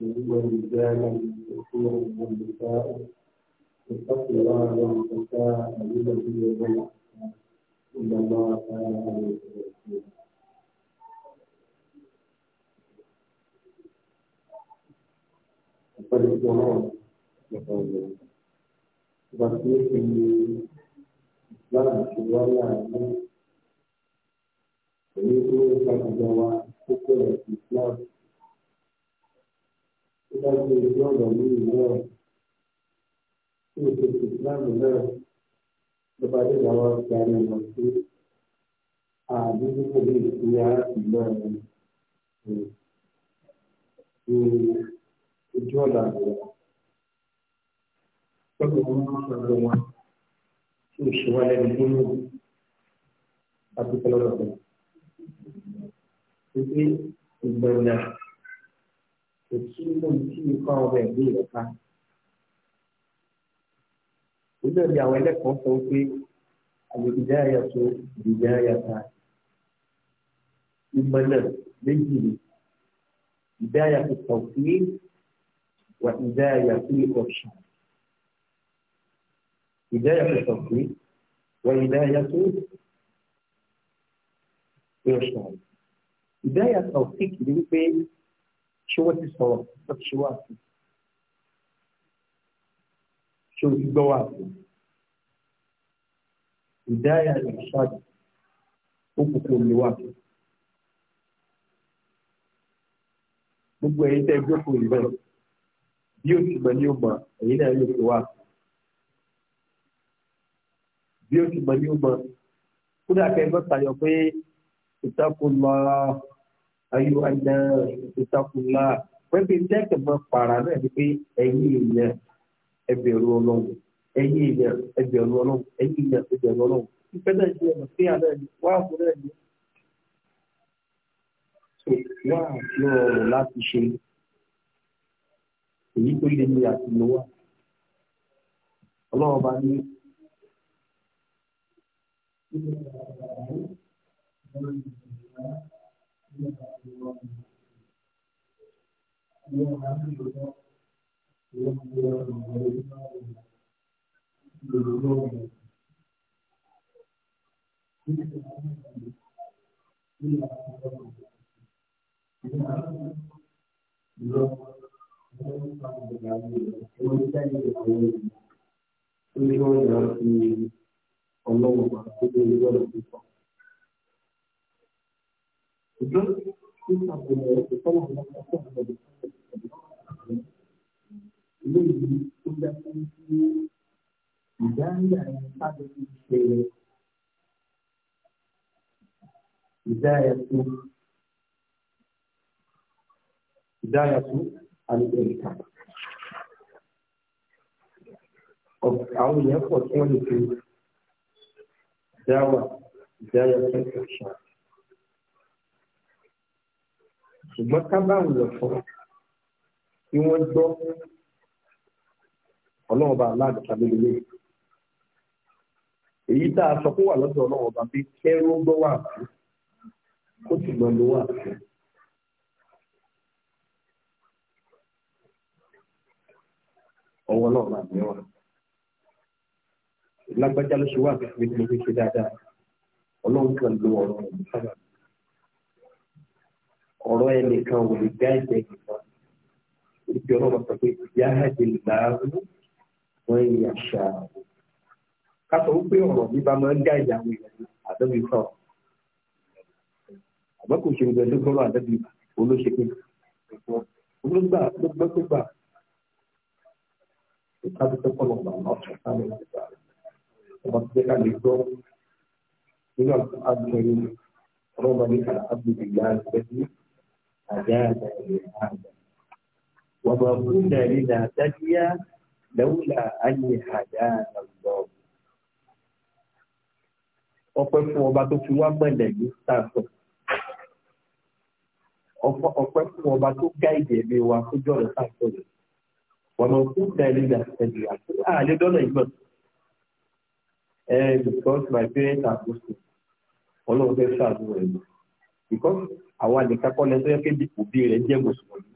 ورجالا كثيرا والنساء اتقوا الله يوم تساءلون به والارحام ان الله كان عليكم رقيبا Pada zaman waktu ini Islam sebenarnya ini itu satu jawab hukum Islam tó bá gbé ojú ọ̀nà ní ìlú náà tí o ti fi ìsìláàmù náà ló bá dé ìdáwọ́ ìdarí wọn sí àbí nínú ilé ìpínlẹ̀ ìlú náà ní ojú ọ̀nà àbúrò. wọn máa ń sọ̀rọ̀ wọn tí o ṣe wá lẹ́nu gbóná àti pẹ̀lú. Ìgbẹ́ ìgbẹ́ ìgbà kò sí inú tí ikọ́ ọbẹ̀ gbé rẹ̀ ká. Ilé ìdí àwọn ẹlẹ́kọ̀ọ́ sọ pé àgbègbè ayàtọ̀ ìdíje ayàtà ìmọ̀lẹ̀ méjì ni ìdí ayàtọ̀ tọ̀sí wà ìdí ayàtọ̀ ọ̀ṣà. Ìdí ayàtọ̀ tọ̀sí wà ìdí ayàtọ̀ ọ̀ṣà. Ìdí ayàtọ̀ tọ̀sí kìí wípé ṣé wọ́n ti sọ̀rọ̀ wọ́n ti ṣe wá sí ṣé o ti gbọ́ wá sí ìdáyà ìṣáàjì ó kù kó lè wá sí. gbogbo ẹ̀yin tẹ́ gbókòó yìí bẹ́ẹ̀ bí o ti mọ̀ ní o ẹ̀yin náà lè fi wá bí o ti mọ̀ ní o mọ̀ kódà kẹ́ pé ìtakùn lọ́ọ́. ayọ̀ àná ìtakùnlá pẹ́pẹ́ jẹ́kẹ̀ para náà ni pé ẹ̀yin èèyàn ẹ bẹ̀rù ọlọ́run ẹ̀yin èèyàn ẹ bẹ̀rù ọlọ́run ẹ̀yin èèyàn ni Thank you. Ọlọ́run àti olórí ọ̀rọ̀ púpọ̀. Betul? Kita boleh kita nak melakukan sebagai ini sudah kunci hidayah yang pada sisi hidayah itu hidayah itu al-irkab. أو يقول أولي في دعوة هداية الإرشاد ṣùgbọ́n ká bá wùyọ̀ fún kí wọ́n gbọ́ ọlọ́run bá aláàdúrà lélẹ̀ èyí tá a sọ pé wà lọ́dọ̀ ọlọ́run gbọ́ wà fún kó sì gbọ́ ló wà fún. ọwọ́ náà máa ọ̀rọ̀ ẹnìkan ò lè gbá ẹ̀jẹ̀ nìkan oríṣi ọlọ́run sọ pé yáhẹ́dì làárú wọ́n ń yàṣà ká sọ wípé ọ̀rọ̀ mi bá máa ń gá ìyàwó ìyàwó àdọ́bí sọ àmọ́ kò ṣe gbogbo ẹ̀dọ́gbọ́rọ̀ àdọ́bí olóṣèké olóògbà ló gbọ́ tó gbà ìtàbí tó kọ́ lọ́gbà ọ̀sán sáré nígbà ọmọ tó jẹ́ ká lè gbọ́ nínú àgbẹ̀rẹ̀ ọlọ́run ní عذابا لهذا وما كنا لنهتدي لولا أن هدانا الله ọpẹ́ fún ọba tó fi wá mọlẹ ní sáàtọ ọpẹ́ fún ọba tó gá ìdẹ̀mí wa tó jọrọ sáàtọ rẹ ọ̀nà tó tẹ̀lé ní àtẹ̀lé àti àlẹ́ dọ́là ìgbọ̀n ẹ because my parents are muslim ọlọ́run fẹ́ ṣàdúrà ẹ̀ lọ because àwọn àdìkákọ́ lẹ́nu tó yẹ kí òbí rẹ̀ jẹ́ mùsùlùmí